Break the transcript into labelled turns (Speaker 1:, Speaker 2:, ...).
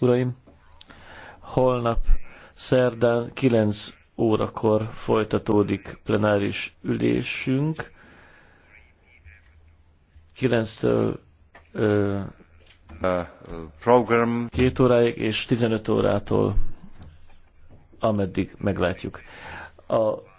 Speaker 1: uraim! Holnap szerdán 9 órakor folytatódik plenáris ülésünk. 9-től program. Két óráig és 15 órától, ameddig meglátjuk.
Speaker 2: A